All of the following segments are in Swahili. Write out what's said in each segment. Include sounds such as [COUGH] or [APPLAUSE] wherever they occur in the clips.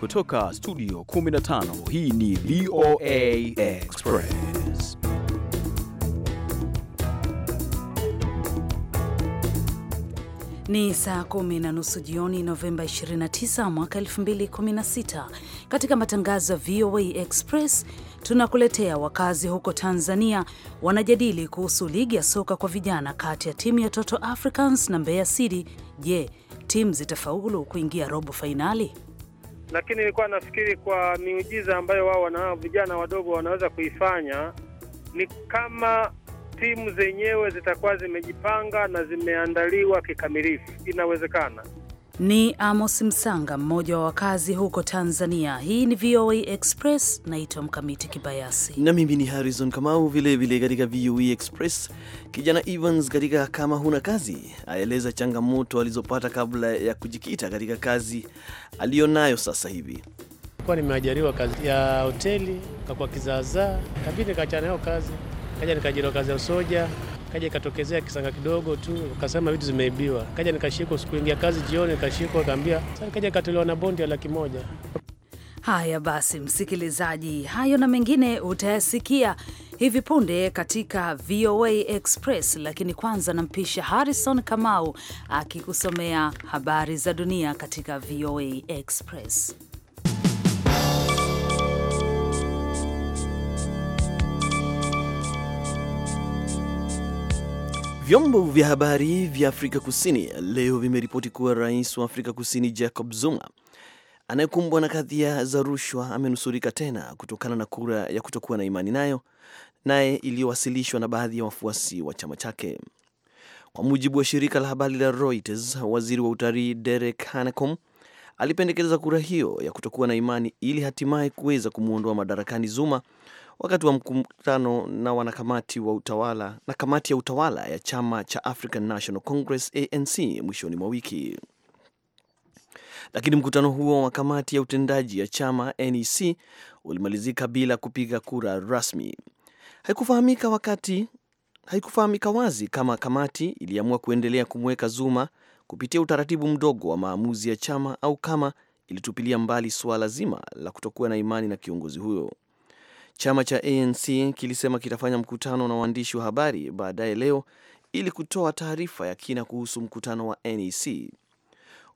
Kutoka studio 15 hii ni VOA Express. Ni saa kumi na nusu jioni Novemba 29 mwaka 2016. Katika matangazo ya VOA Express tunakuletea wakazi huko Tanzania wanajadili kuhusu ligi ya soka kwa vijana kati ya timu ya Toto Africans na Mbeya City. Je, timu zitafaulu kuingia robo fainali? lakini nilikuwa nafikiri kwa miujiza ambayo wao wana vijana wadogo wanaweza kuifanya ni kama timu zenyewe zitakuwa zimejipanga na zimeandaliwa kikamilifu, inawezekana. Ni Amos Msanga, mmoja wa wakazi huko Tanzania. Hii ni VOA Express, naitwa Mkamiti Kibayasi na mimi ni Harrison Kamau. Vilevile katika VOA Express, kijana Evans katika kama huna kazi aeleza changamoto alizopata kabla ya kujikita katika kazi aliyonayo sasa hivi. Kwa nimeajariwa kazi ya hoteli, kakwa kizaazaa, kabidi nikaachana nayo kazi, kaja nikajiriwa kazi ya usoja kaja ikatokezea kisanga kidogo tu, ukasema vitu zimeibiwa, kaja nikashikwa siku ingia kazi jioni, nikashikwa kaambia, sasa kaja ikatolewa na bondi ya laki moja. Haya basi, msikilizaji, hayo na mengine utayasikia hivi punde katika VOA Express, lakini kwanza nampisha Harrison Kamau akikusomea habari za dunia katika VOA Express. Vyombo vya habari vya Afrika Kusini leo vimeripoti kuwa rais wa Afrika Kusini Jacob Zuma anayekumbwa na kadhia za rushwa amenusurika tena kutokana na kura ya kutokuwa na imani nayo naye iliyowasilishwa na baadhi ya wafuasi wa chama chake. Kwa mujibu wa shirika la habari la Reuters, waziri wa utalii Derek Hanekom alipendekeza kura hiyo ya kutokuwa na imani ili hatimaye kuweza kumwondoa madarakani Zuma wakati wa mkutano na wanakamati wa utawala na kamati ya utawala ya chama cha African National Congress ANC mwishoni mwa wiki. Lakini mkutano huo wa kamati ya utendaji ya chama NEC ulimalizika bila kupiga kura rasmi. Haikufahamika wakati haikufahamika wazi kama kamati iliamua kuendelea kumweka Zuma kupitia utaratibu mdogo wa maamuzi ya chama au kama ilitupilia mbali suala zima la kutokuwa na imani na kiongozi huyo. Chama cha ANC kilisema kitafanya mkutano na waandishi wa habari baadaye leo ili kutoa taarifa ya kina kuhusu mkutano wa NEC.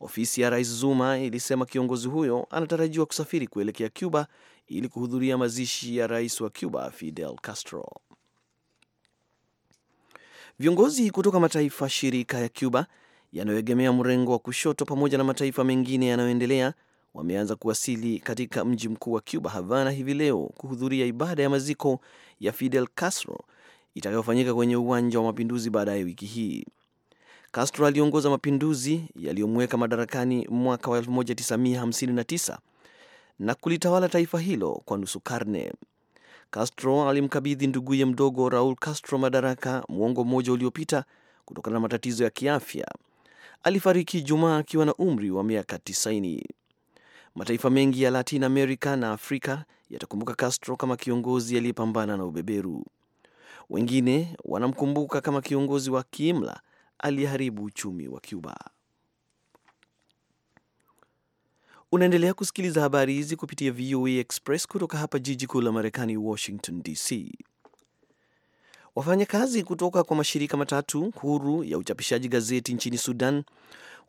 Ofisi ya Rais Zuma ilisema kiongozi huyo anatarajiwa kusafiri kuelekea Cuba ili kuhudhuria mazishi ya Rais wa Cuba Fidel Castro. Viongozi kutoka mataifa shirika ya Cuba yanayoegemea mrengo wa kushoto pamoja na mataifa mengine yanayoendelea wameanza kuwasili katika mji mkuu wa Cuba, Havana, hivi leo kuhudhuria ibada ya maziko ya Fidel Castro itakayofanyika kwenye uwanja wa mapinduzi baadaye wiki hii. Castro aliongoza mapinduzi yaliyomweka madarakani mwaka wa 1959 na kulitawala taifa hilo kwa nusu karne. Castro alimkabidhi nduguye mdogo Raul Castro madaraka mwongo mmoja uliopita kutokana na matatizo ya kiafya. Alifariki Ijumaa akiwa na umri wa miaka 90. Mataifa mengi ya Latin America na Afrika yatakumbuka Castro kama kiongozi aliyepambana na ubeberu. Wengine wanamkumbuka kama kiongozi wa kiimla aliyeharibu uchumi wa Cuba. Unaendelea kusikiliza habari hizi kupitia VOA Express kutoka hapa jiji kuu la Marekani, Washington DC. Wafanyakazi kutoka kwa mashirika matatu huru ya uchapishaji gazeti nchini Sudan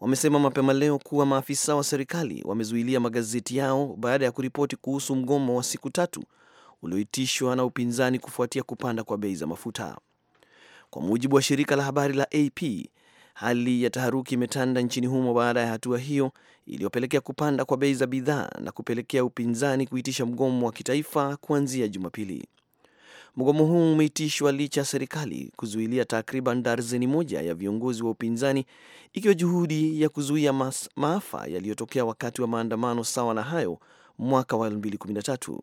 wamesema mapema leo kuwa maafisa wa serikali wamezuilia magazeti yao baada ya kuripoti kuhusu mgomo wa siku tatu ulioitishwa na upinzani kufuatia kupanda kwa bei za mafuta. Kwa mujibu wa shirika la habari la AP, hali ya taharuki imetanda nchini humo baada ya hatua hiyo iliyopelekea kupanda kwa bei za bidhaa na kupelekea upinzani kuitisha mgomo wa kitaifa kuanzia Jumapili. Mgomo huu umeitishwa licha ya serikali kuzuilia takriban darzeni moja ya viongozi wa upinzani, ikiwa juhudi ya kuzuia maafa yaliyotokea wakati wa maandamano sawa na hayo mwaka wa 2013.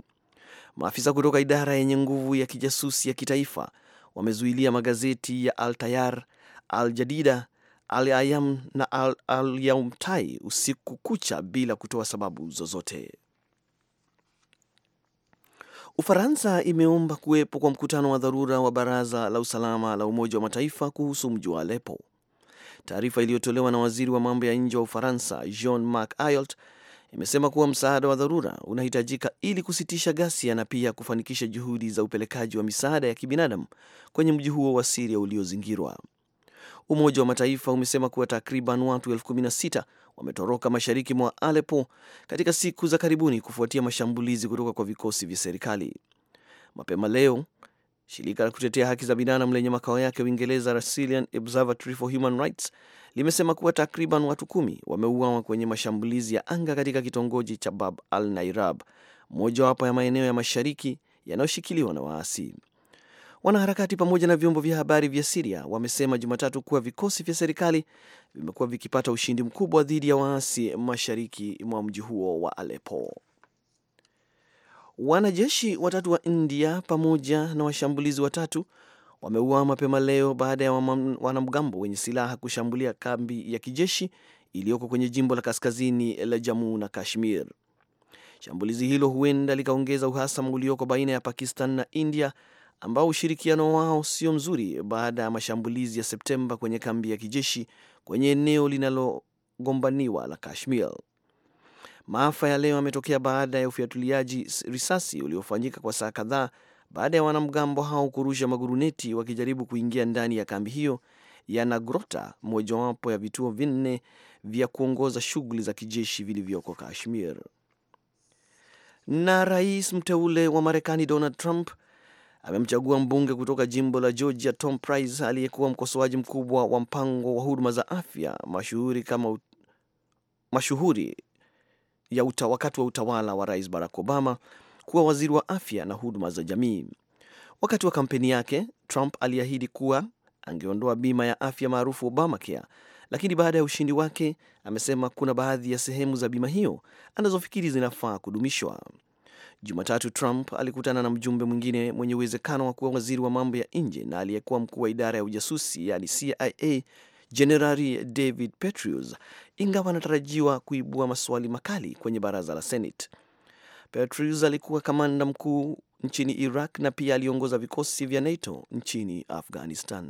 Maafisa kutoka idara yenye nguvu ya kijasusi ya kitaifa wamezuilia magazeti ya Al Tayar, Al Jadida, Al Ayam na Al Yaumtai usiku kucha bila kutoa sababu zozote. Ufaransa imeomba kuwepo kwa mkutano wa dharura wa Baraza la Usalama la Umoja wa Mataifa kuhusu mji wa alepo Taarifa iliyotolewa na waziri wa mambo ya nje wa Ufaransa Jean Marc Ayrault imesema kuwa msaada wa dharura unahitajika ili kusitisha ghasia na pia kufanikisha juhudi za upelekaji wa misaada ya kibinadamu kwenye mji huo wa Siria uliozingirwa. Umoja wa Mataifa umesema kuwa takriban watu elfu 16 wametoroka mashariki mwa alepo katika siku za karibuni kufuatia mashambulizi kutoka kwa vikosi vya serikali. Mapema leo shirika la kutetea haki za binadamu lenye makao yake Uingereza, Syrian Observatory for Human Rights, limesema kuwa takriban watu kumi wameuawa kwenye mashambulizi ya anga katika kitongoji cha Bab al Nairab, mojawapo ya maeneo ya mashariki yanayoshikiliwa na waasi. Wanaharakati pamoja na vyombo vya habari vya Siria wamesema Jumatatu kuwa vikosi vya serikali vimekuwa vikipata ushindi mkubwa dhidi ya waasi mashariki mwa mji huo wa Alepo. Wanajeshi watatu wa India pamoja na washambulizi watatu wameua mapema leo baada ya wanamgambo wenye silaha kushambulia kambi ya kijeshi iliyoko kwenye jimbo la kaskazini la Jammu na Kashmir. Shambulizi hilo huenda likaongeza uhasama ulioko baina ya Pakistan na India ambao ushirikiano wao sio mzuri baada ya mashambulizi ya Septemba kwenye kambi ya kijeshi kwenye eneo linalogombaniwa la Kashmir. Maafa ya leo yametokea baada ya ufiatuliaji risasi uliofanyika kwa saa kadhaa baada ya wanamgambo hao kurusha maguruneti wakijaribu kuingia ndani ya kambi hiyo ya Nagrota, mojawapo ya vituo vinne vya kuongoza shughuli za kijeshi vilivyoko Kashmir. Na rais mteule wa Marekani Donald Trump amemchagua mbunge kutoka jimbo la Georgia Tom Price aliyekuwa mkosoaji mkubwa wa mpango wa huduma za afya mashuhuri kama mashuhuri ya uta, wakati wa utawala wa Rais Barack Obama kuwa waziri wa afya na huduma za jamii. Wakati wa kampeni yake, Trump aliahidi kuwa angeondoa bima ya afya maarufu Obamacare, lakini baada ya ushindi wake amesema kuna baadhi ya sehemu za bima hiyo anazofikiri zinafaa kudumishwa. Jumatatu, Trump alikutana na mjumbe mwingine mwenye uwezekano wa kuwa waziri wa mambo ya nje na aliyekuwa mkuu wa idara ya ujasusi yaani CIA Jenerali David petrius ingawa anatarajiwa kuibua maswali makali kwenye baraza la Senate. petrius alikuwa kamanda mkuu nchini Iraq na pia aliongoza vikosi vya NATO nchini Afghanistan.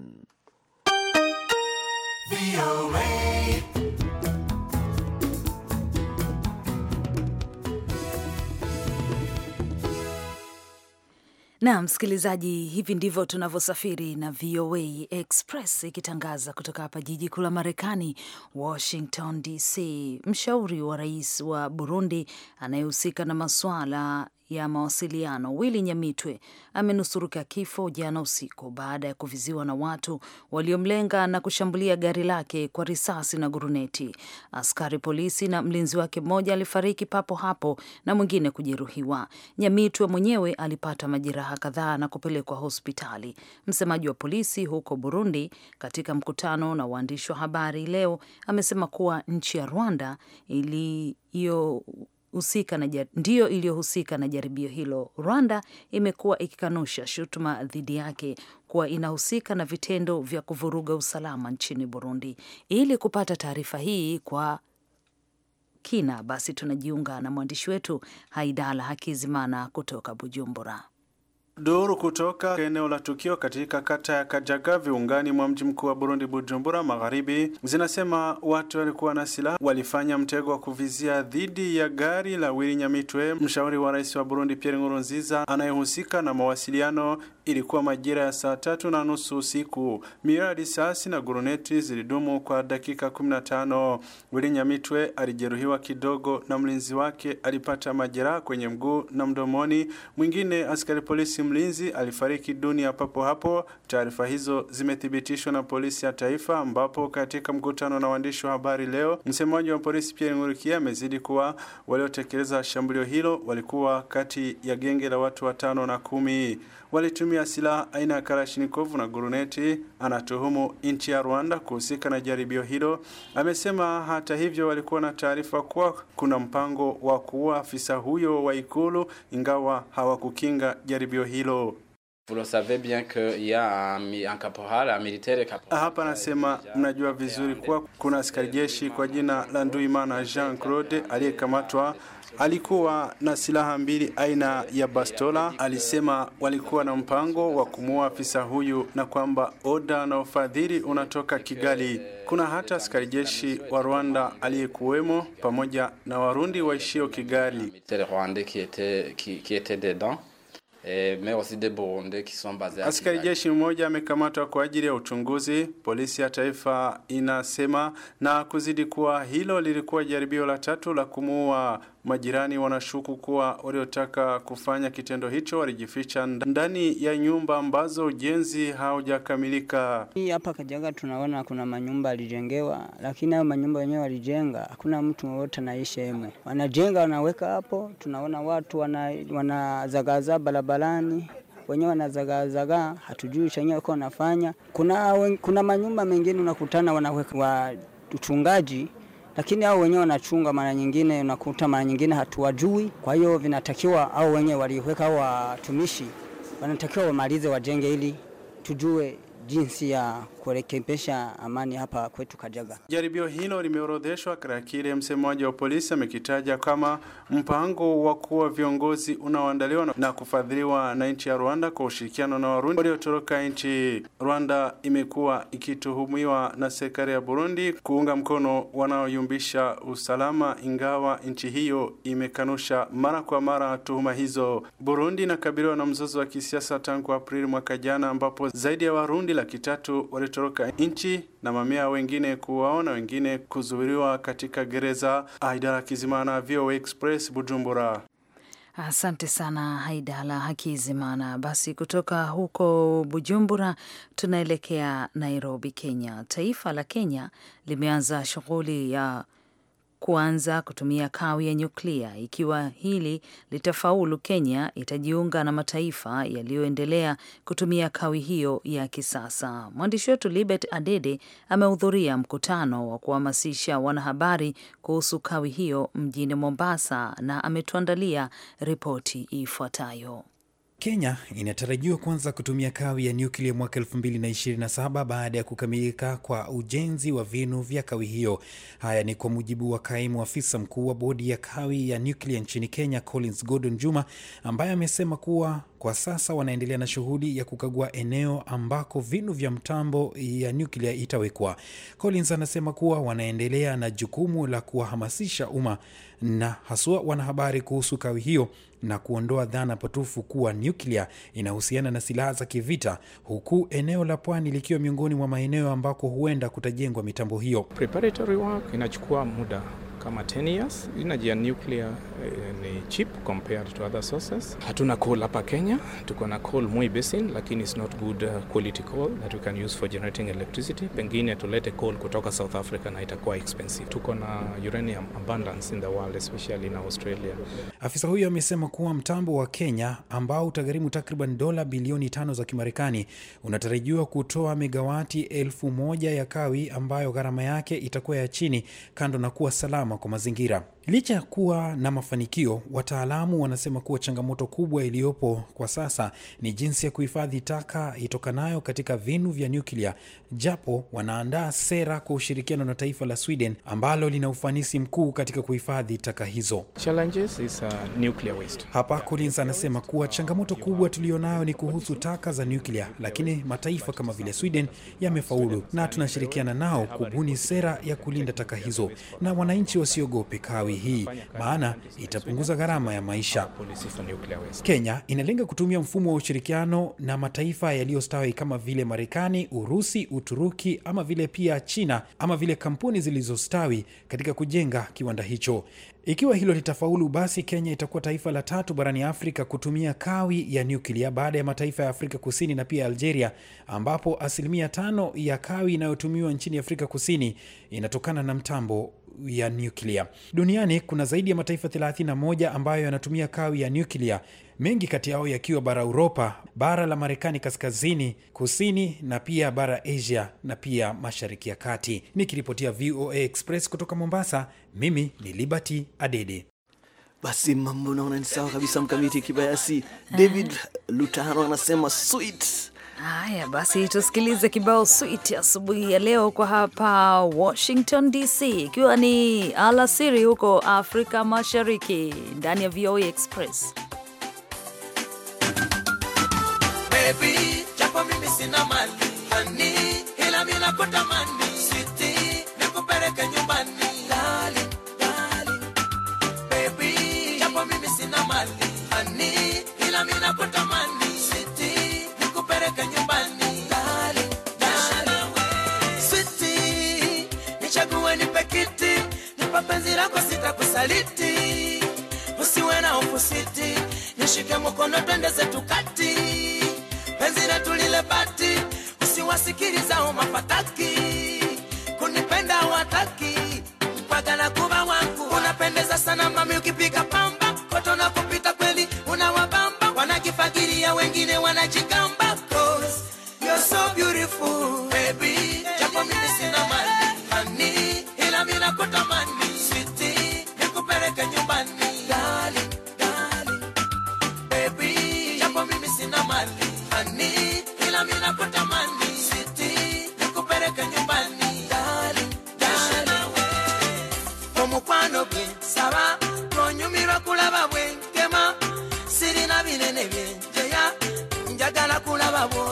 Na msikilizaji, hivi ndivyo tunavyosafiri na VOA Express ikitangaza kutoka hapa jiji kuu la Marekani, Washington DC. Mshauri wa rais wa Burundi anayehusika na masuala ya mawasiliano Willy Nyamitwe amenusurika kifo jana usiku baada ya kuviziwa na watu waliomlenga na kushambulia gari lake kwa risasi na guruneti. Askari polisi na mlinzi wake mmoja alifariki papo hapo na mwingine kujeruhiwa. Nyamitwe mwenyewe alipata majeraha kadhaa na kupelekwa hospitali. Msemaji wa polisi huko Burundi, katika mkutano na waandishi wa habari leo, amesema kuwa nchi ya Rwanda iliyo husika na ndiyo iliyohusika na jaribio hilo. Rwanda imekuwa ikikanusha shutuma dhidi yake kuwa inahusika na vitendo vya kuvuruga usalama nchini Burundi. Ili kupata taarifa hii kwa kina, basi tunajiunga na mwandishi wetu Haidala Hakizimana kutoka Bujumbura. Duru kutoka eneo la tukio katika kata ya Kajaga viungani mwa mji mkuu wa Burundi Bujumbura Magharibi zinasema watu walikuwa na silaha walifanya mtego wa kuvizia dhidi ya gari la Willy Nyamitwe, mshauri wa rais wa Burundi Pierre Nkurunziza anayehusika na mawasiliano. Ilikuwa majira ya saa tatu na nusu usiku. miradi ya risasi na guruneti zilidumu kwa dakika 15. Willy Nyamitwe alijeruhiwa kidogo na mlinzi wake alipata majeraha kwenye mguu na mdomoni, mwingine askari polisi polisi mlinzi alifariki dunia papo hapo. Taarifa hizo zimethibitishwa na polisi ya taifa, ambapo katika mkutano na waandishi wa habari leo, msemaji wa polisi Pierre Ngurikia amezidi kuwa waliotekeleza shambulio hilo walikuwa kati ya genge la watu watano na kumi walitumia silaha aina ya Kalashnikov na guruneti. Anatuhumu nchi ya Rwanda kuhusika na jaribio hilo. Amesema hata hivyo, walikuwa na taarifa kuwa kuna mpango wa kuua afisa huyo wa Ikulu, ingawa hawakukinga jaribio hilo. Hapa anasema mnajua vizuri kuwa kuna askari jeshi kwa jina la Nduimana Jean Claude aliyekamatwa alikuwa na silaha mbili aina ya bastola. Alisema walikuwa na mpango wa kumuua afisa huyu na kwamba oda na ufadhili unatoka Kigali. Kuna hata askari jeshi wa Rwanda aliyekuwemo pamoja na Warundi waishio Kigali. Askari jeshi mmoja amekamatwa kwa ajili ya uchunguzi, polisi ya taifa inasema, na kuzidi kuwa hilo lilikuwa jaribio la tatu la kumuua. Majirani wanashuku kuwa waliotaka kufanya kitendo hicho walijificha ndani ya nyumba ambazo ujenzi haujakamilika. Hii hapa Kajaga tunaona kuna manyumba alijengewa lakini hayo manyumba wenyewe walijenga, hakuna mtu wowote anaishi hemu. Wanajenga wanaweka hapo, tunaona watu wanazagaza wana barabarani wenyewe wanazagaazagaa, hatujui chenyewe wako wanafanya. Kuna, kuna manyumba mengine unakutana wanaweka uchungaji lakini au wenyewe wanachunga, mara nyingine unakuta mara nyingine hatuwajui. Kwa hiyo vinatakiwa au wenyewe waliweka au watumishi wanatakiwa wamalize, wajenge ili tujue jinsi ya kurekebisha amani hapa kwetu Kajaga. Jaribio hilo limeorodheshwa katika kile msemaji wa polisi amekitaja kama mpango wa kuwa viongozi unaoandaliwa na kufadhiliwa na nchi ya Rwanda kwa ushirikiano na Warundi waliotoroka nchi. Rwanda imekuwa ikituhumiwa na serikali ya Burundi kuunga mkono wanaoyumbisha usalama, ingawa nchi hiyo imekanusha mara kwa mara tuhuma hizo. Burundi inakabiliwa na mzozo wa kisiasa tangu Aprili mwaka jana, ambapo zaidi ya Warundi laki tatu wali walitoroka nchi na mamia wengine kuwaona wengine kuzuiliwa katika gereza. Aidara Kizimana, VOA Express, Bujumbura. Asante sana Haidala Hakizimana. Basi kutoka huko Bujumbura tunaelekea Nairobi, Kenya. Taifa la Kenya limeanza shughuli ya kuanza kutumia kawi ya nyuklia. Ikiwa hili litafaulu, Kenya itajiunga na mataifa yaliyoendelea kutumia kawi hiyo ya kisasa. Mwandishi wetu Libet Adede amehudhuria mkutano wa kuhamasisha wanahabari kuhusu kawi hiyo mjini Mombasa na ametuandalia ripoti ifuatayo. Kenya inatarajiwa kuanza kutumia kawi ya nyuklia mwaka 2027 baada ya kukamilika kwa ujenzi wa vinu vya kawi hiyo. Haya ni kwa mujibu wa kaimu afisa mkuu wa bodi ya kawi ya nyuklia nchini Kenya, Collins Gordon Juma, ambaye amesema kuwa kwa sasa wanaendelea na shughuli ya kukagua eneo ambako vinu vya mtambo ya nyuklia itawekwa. Collins anasema kuwa wanaendelea na jukumu la kuwahamasisha umma na haswa wanahabari kuhusu kawi hiyo na kuondoa dhana potofu kuwa nyuklia inahusiana na silaha za kivita, huku eneo la pwani likiwa miongoni mwa maeneo ambako huenda kutajengwa mitambo hiyo. Preparatory work inachukua muda kama 10 years. Energy ya nuclear eh, ni cheap compared to other sources. Hatuna coal hapa Kenya, tuko na coal Moi Basin, lakini it's not good uh, quality coal that we can use for generating electricity. Pengine tulete coal kutoka South Africa na itakuwa expensive. Tuko na uranium abundance in the world especially in Australia. Afisa huyo amesema kuwa mtambo wa Kenya ambao utagharimu takriban dola bilioni tano za Kimarekani unatarajiwa kutoa megawati elfu moja ya kawi ambayo gharama yake itakuwa ya chini, kando na kuwa salama usalama kwa mazingira. Licha ya kuwa na mafanikio, wataalamu wanasema kuwa changamoto kubwa iliyopo kwa sasa ni jinsi ya kuhifadhi taka itokanayo katika vinu vya nyuklia, japo wanaandaa sera kwa ushirikiano na taifa la Sweden ambalo lina ufanisi mkuu katika kuhifadhi taka hizo. Challenges is uh, nuclear waste. Hapa Collins anasema kuwa changamoto kubwa tuliyonayo ni kuhusu taka za nyuklia, lakini mataifa kama vile Sweden yamefaulu na tunashirikiana nao kubuni sera ya kulinda taka hizo na wananchi wasiogope kawi hii, maana itapunguza gharama ya maisha. Kenya inalenga kutumia mfumo wa ushirikiano na mataifa yaliyostawi kama vile Marekani, Urusi, Uturuki ama vile pia China ama vile kampuni zilizostawi katika kujenga kiwanda hicho. Ikiwa hilo litafaulu, basi Kenya itakuwa taifa la tatu barani Afrika kutumia kawi ya nyuklia baada ya mataifa ya Afrika Kusini na pia Algeria, ambapo asilimia tano ya kawi inayotumiwa nchini Afrika Kusini inatokana na mtambo ya nuklia Duniani kuna zaidi ya mataifa 31 ambayo yanatumia kawi ya nuklia mengi kati yao yakiwa bara Uropa, bara la Marekani kaskazini, kusini na pia bara Asia na pia mashariki ya kati. Nikiripotia VOA Express kutoka Mombasa, mimi ni Liberty Adede. Basi mambo naona ni sawa kabisa, mkamiti kibayasi. David Lutaro anasema sweet Haya basi, tusikilize kibao switi asubuhi ya leo kwa hapa Washington DC, ikiwa ni alasiri huko Afrika Mashariki, ndani ya VOA e Express. Baby,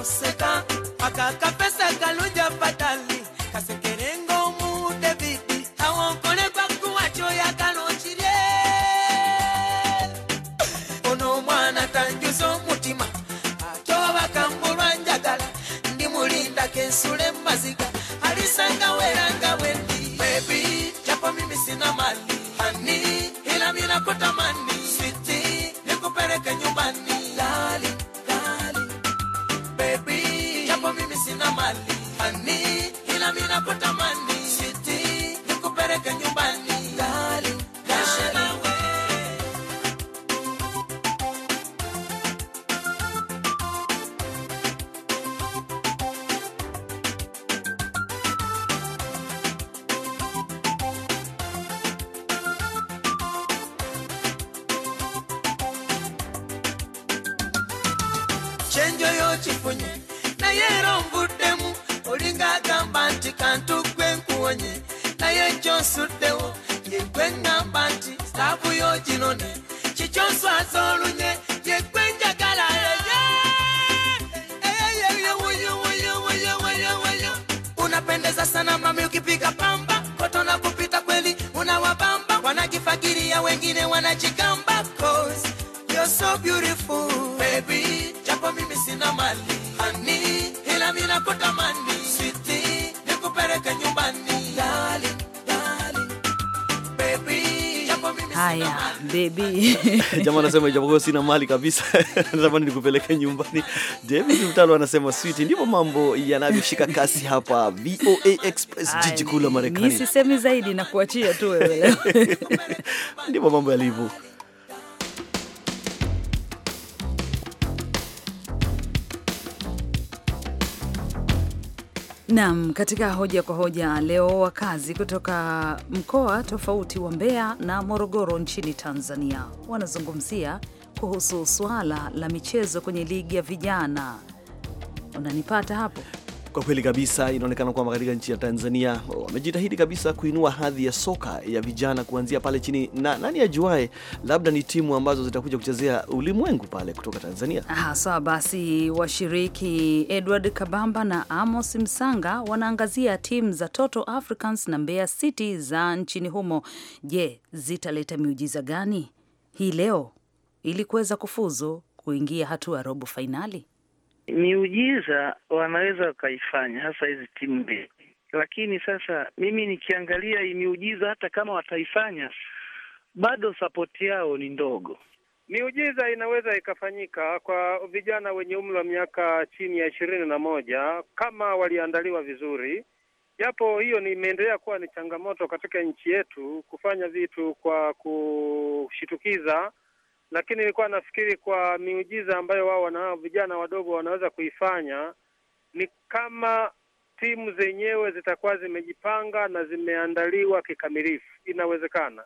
moseka tá. a mpe enjo y'okifunye naye era onvuddemu olinga agamba nti kantu gwe nkuwonye naye kyonsuddewo yegwe ŋŋamba nti saafu y'oginone kikyonswaza olunye yegwe njagala unapendeza sana mami ukipiga pamba kotona kupita kweli unawabamba wanajifakiria wengine wanajigamba cause you're so beautiful baby sina mali hani, ila mimi nakutamani switi, nikupeleke nyumbani dali darling, baby Haya bebi, [LAUGHS] jamaa anasema ijapokuwa sina mali kabisa, [LAUGHS] natamani nikupeleke nyumbani. David Mtalo anasema sweet, ndipo mambo yanavyoshika kasi hapa VOA Express, jiji kuu la Marekani. Nisisemi zaidi na kuachia tu wewe leo. [LAUGHS] Ndivyo mambo yalivyo. Naam, katika hoja kwa hoja leo, wakazi kutoka mkoa tofauti wa Mbeya na Morogoro nchini Tanzania wanazungumzia kuhusu suala la michezo kwenye ligi ya vijana. Unanipata hapo? Kwa kweli kabisa, inaonekana kwamba katika nchi ya Tanzania wamejitahidi kabisa kuinua hadhi ya soka ya vijana kuanzia pale chini, na nani ajuae, labda ni timu ambazo zitakuja kuchezea ulimwengu pale kutoka Tanzania. haswa sawa. Basi washiriki Edward Kabamba na Amos Msanga wanaangazia timu za Toto Africans na Mbeya City za nchini humo. Je, zitaleta miujiza gani hii leo ili kuweza kufuzu kuingia hatua ya robo fainali? miujiza wanaweza wakaifanya, hasa hizi timu mbili. Lakini sasa mimi nikiangalia hii miujiza, hata kama wataifanya bado sapoti yao ni ndogo. Miujiza inaweza ikafanyika kwa vijana wenye umri wa miaka chini ya ishirini na moja kama waliandaliwa vizuri, japo hiyo ni imeendelea kuwa ni changamoto katika nchi yetu, kufanya vitu kwa kushitukiza lakini nilikuwa nafikiri kwa miujiza ambayo wao wana vijana wadogo wanaweza kuifanya ni kama timu zenyewe zitakuwa zimejipanga na zimeandaliwa kikamilifu. Inawezekana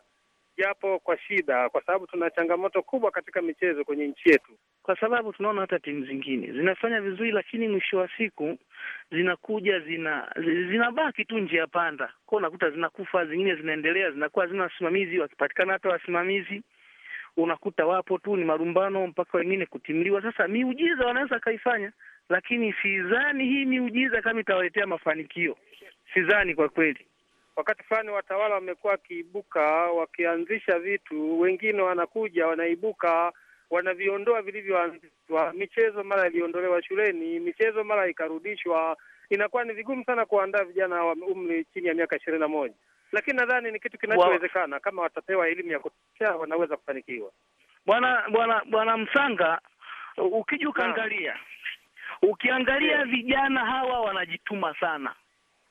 japo kwa shida, kwa sababu tuna changamoto kubwa katika michezo kwenye nchi yetu, kwa sababu tunaona hata timu zingine zinafanya vizuri, lakini mwisho wa siku zinakuja zina zinabaki tu njia panda kwao, unakuta zinakufa, zingine zinaendelea, zinakuwa hazina wasimamizi, wakipatikana hata wasimamizi unakuta wapo tu ni marumbano mpaka wengine kutimliwa. Sasa miujiza wanaweza akaifanya, lakini sidhani hii miujiza kama itawaletea mafanikio, sidhani kwa kweli. Wakati fulani watawala wamekuwa wakiibuka wakianzisha vitu, wengine wanakuja wanaibuka wanaviondoa vilivyoanzishwa. Michezo mara iliondolewa shuleni, michezo mara ikarudishwa. Inakuwa ni vigumu sana kuandaa vijana wa umri chini ya miaka ishirini na moja lakini nadhani ni kitu kinachowezekana. Kama watapewa elimu ya kutosha, wanaweza kufanikiwa. Bwana bwana bwana Msanga, ukija ukaangalia, ukiangalia yeah, vijana hawa wanajituma sana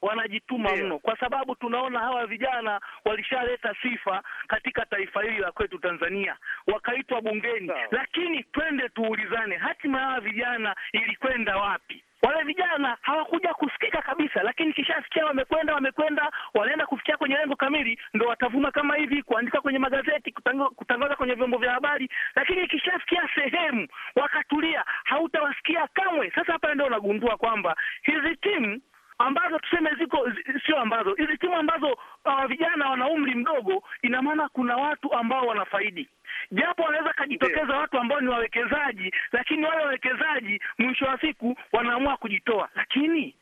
wanajituma yeah, mno kwa sababu tunaona hawa vijana walishaleta sifa katika taifa hili la kwetu Tanzania, wakaitwa bungeni yeah. Lakini twende tuulizane, hatima ya hawa vijana ilikwenda wapi? Wale vijana hawakuja kusikika kabisa, lakini kishasikia wamekwenda, wamekwenda, wanaenda kwenye lengo kamili, ndo watavuma kama hivi, kuandika kwenye magazeti, kutangaza kwenye vyombo vya habari. Lakini ikishafikia sehemu wakatulia, hautawasikia kamwe. Sasa hapa ndio unagundua kwamba hizi timu ambazo tuseme ziko sio ambazo hizi timu ambazo uh, vijana wana umri mdogo, ina maana kuna watu ambao wanafaidi, japo wanaweza kajitokeza watu ambao ni wawekezaji, lakini wale wawekezaji mwisho wa siku wanaamua kujitoa. Lakini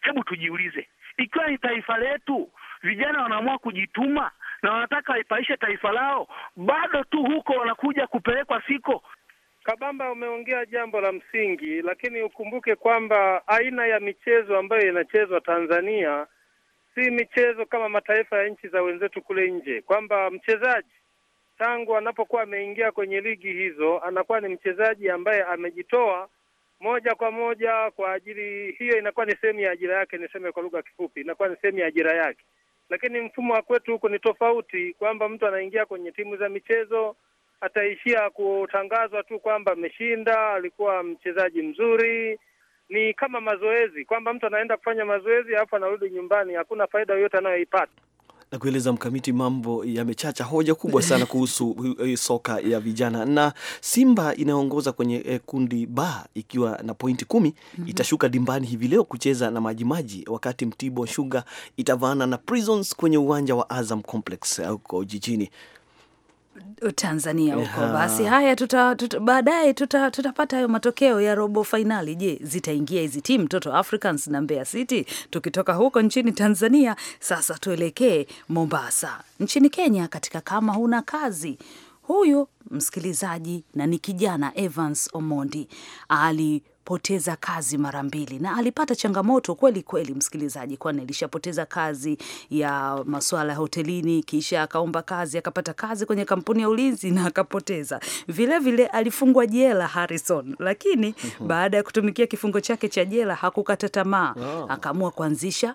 hebu tujiulize, ikiwa ni taifa letu vijana wanaamua kujituma na wanataka waipaishe taifa lao, bado tu huko wanakuja kupelekwa siko. Kabamba, umeongea jambo la msingi, lakini ukumbuke kwamba aina ya michezo ambayo inachezwa Tanzania si michezo kama mataifa ya nchi za wenzetu kule nje, kwamba mchezaji tangu anapokuwa ameingia kwenye ligi hizo anakuwa ni mchezaji ambaye amejitoa moja kwa moja kwa ajili hiyo, inakuwa ni sehemu ya ajira yake. Niseme kwa lugha kifupi, inakuwa ni sehemu ya ajira yake lakini mfumo wa kwetu huku ni tofauti, kwamba mtu anaingia kwenye timu za michezo ataishia kutangazwa tu kwamba ameshinda, alikuwa mchezaji mzuri. Ni kama mazoezi, kwamba mtu anaenda kufanya mazoezi alafu anarudi nyumbani, hakuna faida yoyote anayoipata na kueleza mkamiti, mambo yamechacha, hoja kubwa sana [LAUGHS] kuhusu eh, soka ya vijana, na Simba inayoongoza kwenye eh, kundi ba ikiwa na pointi kumi mm -hmm. itashuka dimbani hivi leo kucheza na Majimaji, wakati Mtibwa Sugar itavaana na Prisons kwenye uwanja wa Azam Complex eh, huko jijini Tanzania huko yeah. Basi haya tuta, tuta, baadaye tuta, tutapata hayo matokeo ya robo fainali. Je, zitaingia hizi timu Toto Africans na Mbeya City? Tukitoka huko nchini Tanzania sasa tuelekee Mombasa nchini Kenya, katika kama huna kazi huyu msikilizaji na ni kijana Evans Omondi ali alishapoteza kazi mara mbili na alipata changamoto kweli kweli, msikilizaji, kwani alishapoteza kazi ya masuala ya hotelini, kisha akaomba kazi akapata kazi kwenye kampuni ya ulinzi na akapoteza vilevile. Vile alifungwa jela Harrison, lakini mhm. baada ya kutumikia kifungo chake cha jela hakukata tamaa, akaamua kuanzisha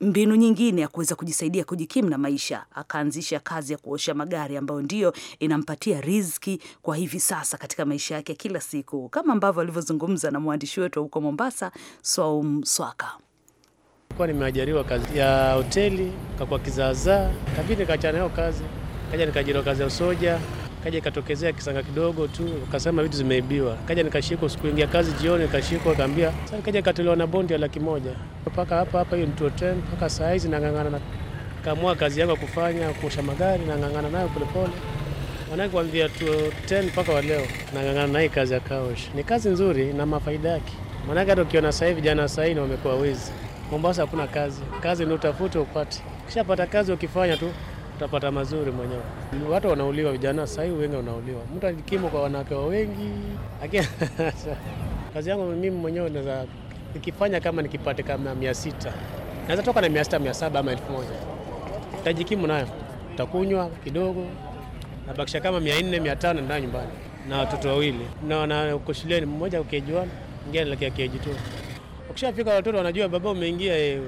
mbinu nyingine ya kuweza kujisaidia kujikimu na maisha. Akaanzisha kazi ya kuosha magari ambayo ndiyo inampatia riziki kwa hivi sasa katika maisha yake kila siku, kama ambavyo alivyozungumza na mwandishi wetu huko Mombasa, Swaum Swaka. Kwa nimeajariwa kazi ya hoteli, kakwa kizaazaa, kabidi nikaachana nayo kazi, kaja nikaajiriwa kazi ya usoja kaja ikatokezea kisanga kidogo tu, kasema vitu zimeibiwa, kaja nikashikwa siku ingia kazi jioni, nikashikwa kaambia, sasa kaja katolewa na bondi ya laki moja mpaka hapa hapa, hiyo nituo ten mpaka saa hizi nang'ang'ana na kamua kazi yangu ya kufanya kuosha magari, nang'ang'ana nayo polepole Manake kuanzia 10 mpaka wa leo nang'ang'ana na hii kazi ya kaosh. Ni kazi nzuri na mafaida yake, manake hata ukiona sasa hivi, jana sasa hivi wamekuwa wezi Mombasa, hakuna kazi. Kazi ni utafute upate, ukishapata kazi ukifanya tu utapata mazuri mwenyewe. Watu wanauliwa, vijana sahii wengi wanauliwa, mtu ajikimo kwa wanawake wa wengi. [LAUGHS] kazi yangu mimi mwenyewe naweza nikifanya kama nikipate kama mia sita naweza toka na mia sita mia saba ama elfu moja tajikimu nayo, takunywa kidogo, nabakisha kama mia nne mia tano ndio nyumbani na watoto wawili na nako shuleni, mmoja ukejua, ngia anaelekea keji Ukishafika watoto wanajua baba umeingia, yeye eh,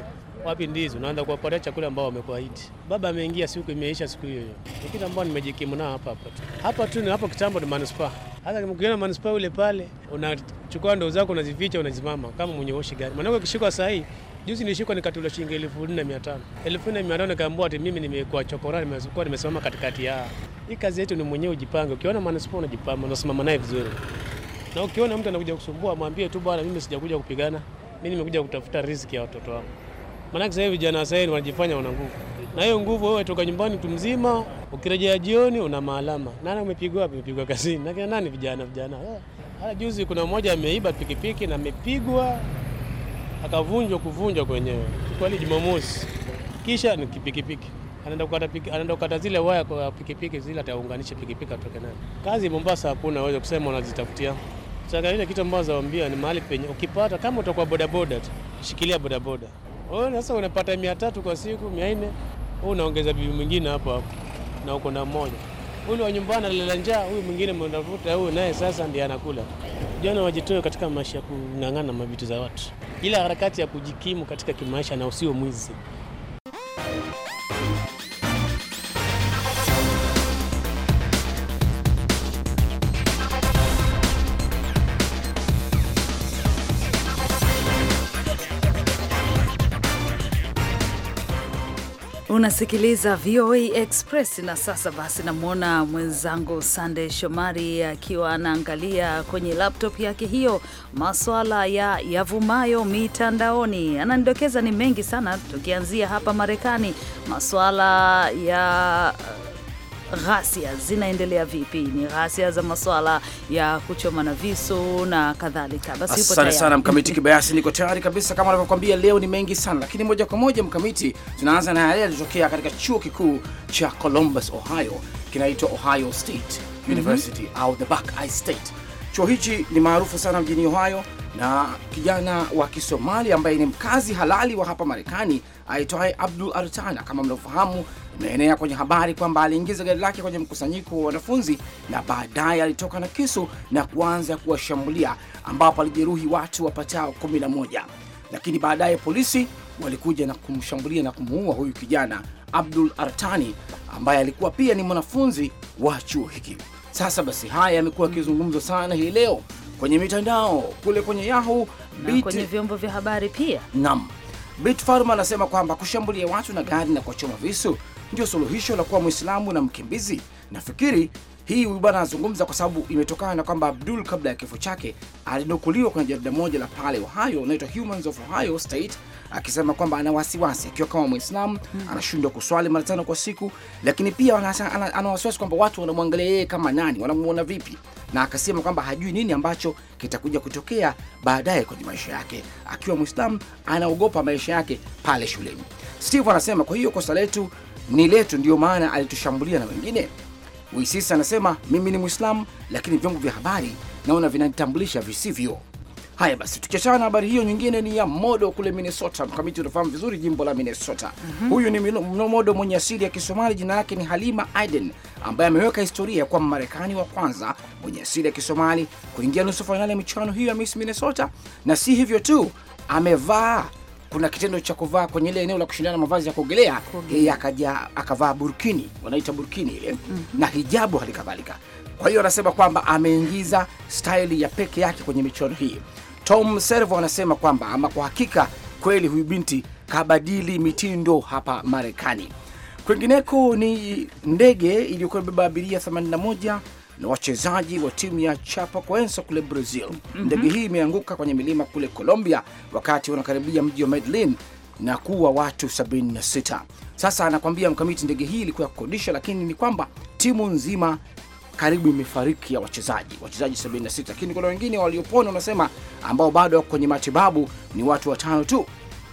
wapi ndizi, unaanza kuwapatia chakula ambao wamekuahidi. Baba ameingia, siku imeisha, siku hiyo hiyo. Ni kitu ambao nimejikimu nao hapa hapa tu, hapa tu ni hapo kitambo, ni manispaa. Hata kimkiona manispaa ule pale, unachukua ndoo zako unazificha, unazimama kama mwenye oshi gari, maana ukishikwa saa hii Juzi nilishikwa nikatula shilingi elfu nne mia tano elfu nne mia tano nikaambua ati mimi nimekuwa chokora, nimekuwa nimesimama katikati ya hii kazi yetu. Ni mwenyewe ujipange, ukiona manispaa unajipanga, unasimama naye vizuri, na ukiona mtu anakuja kusumbua, mwambie tu bwana, mimi sijakuja kupigana, mimi nimekuja kutafuta riziki ya watoto wangu. Maanake sasa hivi vijana sasa hivi wanajifanya wana nguvu, na hiyo nguvu wewe toka nyumbani mtu mzima, ukirejea jioni una maalama. Nani umepigwa wapi? Umepigwa kazini. Na kina nani? Vijana vijana. Eh, Hata juzi kuna mmoja ameiba pikipiki na amepigwa akavunjwa kuvunjwa kwenyewe kweli Jumamosi, kisha ni pikipiki anaenda kukata, anaenda kukata zile waya kwa pikipiki zile, ataunganisha pikipiki atoke nayo. Kazi Mombasa hakuna, waweza kusema unazitafutia chaka. Ile kitu ambazo nawaambia ni mahali penye ukipata, kama utakuwa bodaboda, tu, shikilia bodaboda. Sasa unapata mia tatu kwa siku, mia nne huu unaongeza bibi mwingine hapo hapo, na uko na mmoja ule wa nyumbani analala njaa, huyu mwingine mnavuta, huyu naye sasa ndiye anakula. Vijana wajitoe katika maisha ya kung'ang'ana mavitu za watu, ila harakati ya kujikimu katika kimaisha, na usio mwizi. Unasikiliza VOA Express na sasa basi, namwona mwenzangu Sande Shomari akiwa anaangalia kwenye laptop yake hiyo maswala ya yavumayo mitandaoni. Anandokeza ni mengi sana, tukianzia hapa Marekani, maswala ya ghasia zinaendelea vipi, ni ghasia za masuala ya kuchoma na visu na kadhalika. Basi asante sana, sana Mkamiti Kibayasi, niko tayari kabisa kama anavyokwambia leo ni mengi sana, lakini moja kwa moja Mkamiti, tunaanza na yale yalitokea katika chuo kikuu cha Columbus, Ohio, kinaitwa Ohio State University mm -hmm. au the Buckeye State. Chuo hichi ni maarufu sana mjini Ohio na kijana wa Kisomali ambaye ni mkazi halali wa hapa Marekani aitwaye Abdul Artana, kama mnavyofahamu imeenea kwenye habari kwamba aliingiza gari lake kwenye mkusanyiko wa wanafunzi na baadaye alitoka na kisu na kuanza kuwashambulia, ambapo alijeruhi watu wapatao kumi na moja, lakini baadaye polisi walikuja na kumshambulia na kumuua huyu kijana Abdul Artani ambaye alikuwa pia ni mwanafunzi wa chuo hiki. Sasa basi, haya yamekuwa yakizungumzwa sana hii leo kwenye mitandao kule kwenye Yahoo na Bit... kwenye vyombo vya habari pia. Naam, Bit Farma anasema kwamba kushambulia watu na gari na kuwachoma visu ndio suluhisho la kuwa Mwislamu na mkimbizi? Nafikiri hii huyu bwana anazungumza kwa sababu imetokana na kwamba Abdul kabla ya kifo chake alinukuliwa kwenye jarida moja la pale Ohio unaitwa Humans of Ohio State akisema kwamba ana wasiwasi akiwa kama Mwislamu hmm. anashindwa kuswali mara tano kwa siku, lakini pia ana wasiwasi kwamba watu wanamwangalia yeye kama nani, wanamuona vipi, na akasema kwamba hajui nini ambacho kitakuja kutokea baadaye kwenye maisha yake. Akiwa Mwislamu anaogopa maisha yake pale shuleni. Steve anasema, kwa hiyo kosa letu ni letu, ndiyo maana alitushambulia na wengine. Wisisa anasema mimi ni Mwislamu, lakini vyombo vya habari naona vinanitambulisha visivyo. Haya basi, tukiachana na habari hiyo, nyingine ni ya Modo kule Minnesota. Mkamiti, unafahamu vizuri jimbo la Minnesota. mm -hmm. Huyu ni Modo mwenye asili ya Kisomali, jina lake ni Halima Aden, ambaye ameweka historia kwa Mmarekani wa kwanza mwenye asili ya Kisomali kuingia nusu fainali ya michuano hiyo ya Miss Minnesota. Na si hivyo tu, amevaa kuna kitendo cha kuvaa kwenye ile eneo la kushindana mavazi ya kuogelea, yeye akaja akavaa burkini, wanaita burkini ile mm -hmm. na hijabu hali kadhalika. Kwa hiyo anasema kwamba ameingiza staili ya peke yake kwenye michuano hii. Tom Servo anasema kwamba ama kwa hakika kweli huyu binti kabadili mitindo hapa Marekani. Kwingineko ni ndege iliyokuwa imebeba abiria 81 na wachezaji wa timu ya Chapecoense kule Brazil. mm -hmm. Ndege hii imeanguka kwenye milima kule Colombia wakati wanakaribia mji wa Medellin na kuwa watu 76. Sasa anakwambia mkamiti, ndege hii ilikuwa ya kukodisha, lakini ni kwamba timu nzima karibu imefariki ya wachezaji wachezaji 76, lakini kuna wengine waliopona, unasema ambao bado wako kwenye matibabu ni watu watano tu.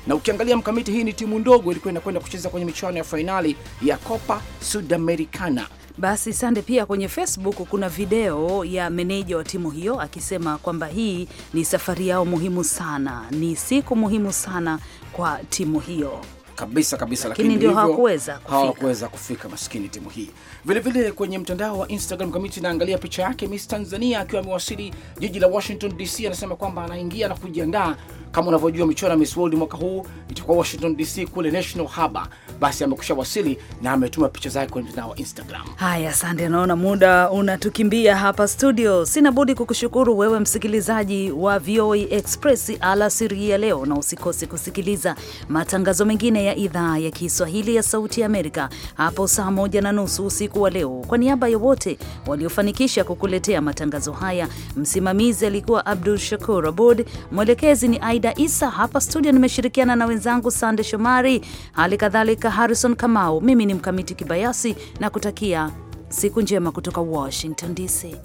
Na ukiangalia mkamiti, hii ni timu ndogo, ilikuwa inakwenda kucheza kwenye michuano ya fainali ya Copa Sudamericana basi Sande, pia kwenye Facebook kuna video ya meneja wa timu hiyo akisema kwamba hii ni safari yao muhimu sana, ni siku muhimu sana kwa timu hiyo kabisa kabisa, lakini ndio hawakuweza kufika, hawakuweza kufika maskini timu hii. Vile vile kwenye mtandao wa Instagram kamiti, naangalia picha yake Miss Tanzania akiwa amewasili jiji la Washington DC, anasema kwamba anaingia na kujiandaa kama unavyojua michuano ya Miss World mwaka huu itakuwa Washington DC kule National Harbor. Basi amekusha wasili na ametuma picha zake kwenye mtandao wa Instagram. Haya, asante. Naona muda unatukimbia hapa studio, sina budi kukushukuru wewe msikilizaji wa VOA Express alasiri ya leo, na usikose kusikiliza matangazo mengine ya idhaa ya Kiswahili ya Sauti ya Amerika hapo saa moja na nusu usiku wa leo. Kwa niaba ya wote waliofanikisha kukuletea matangazo haya, msimamizi alikuwa Abdul Shakur Abud, mwelekezi ni Aida Aida Isa. Hapa studio nimeshirikiana na wenzangu Sande Shomari, hali kadhalika Harrison Kamau. Mimi ni Mkamiti Kibayasi na kutakia siku njema kutoka Washington DC.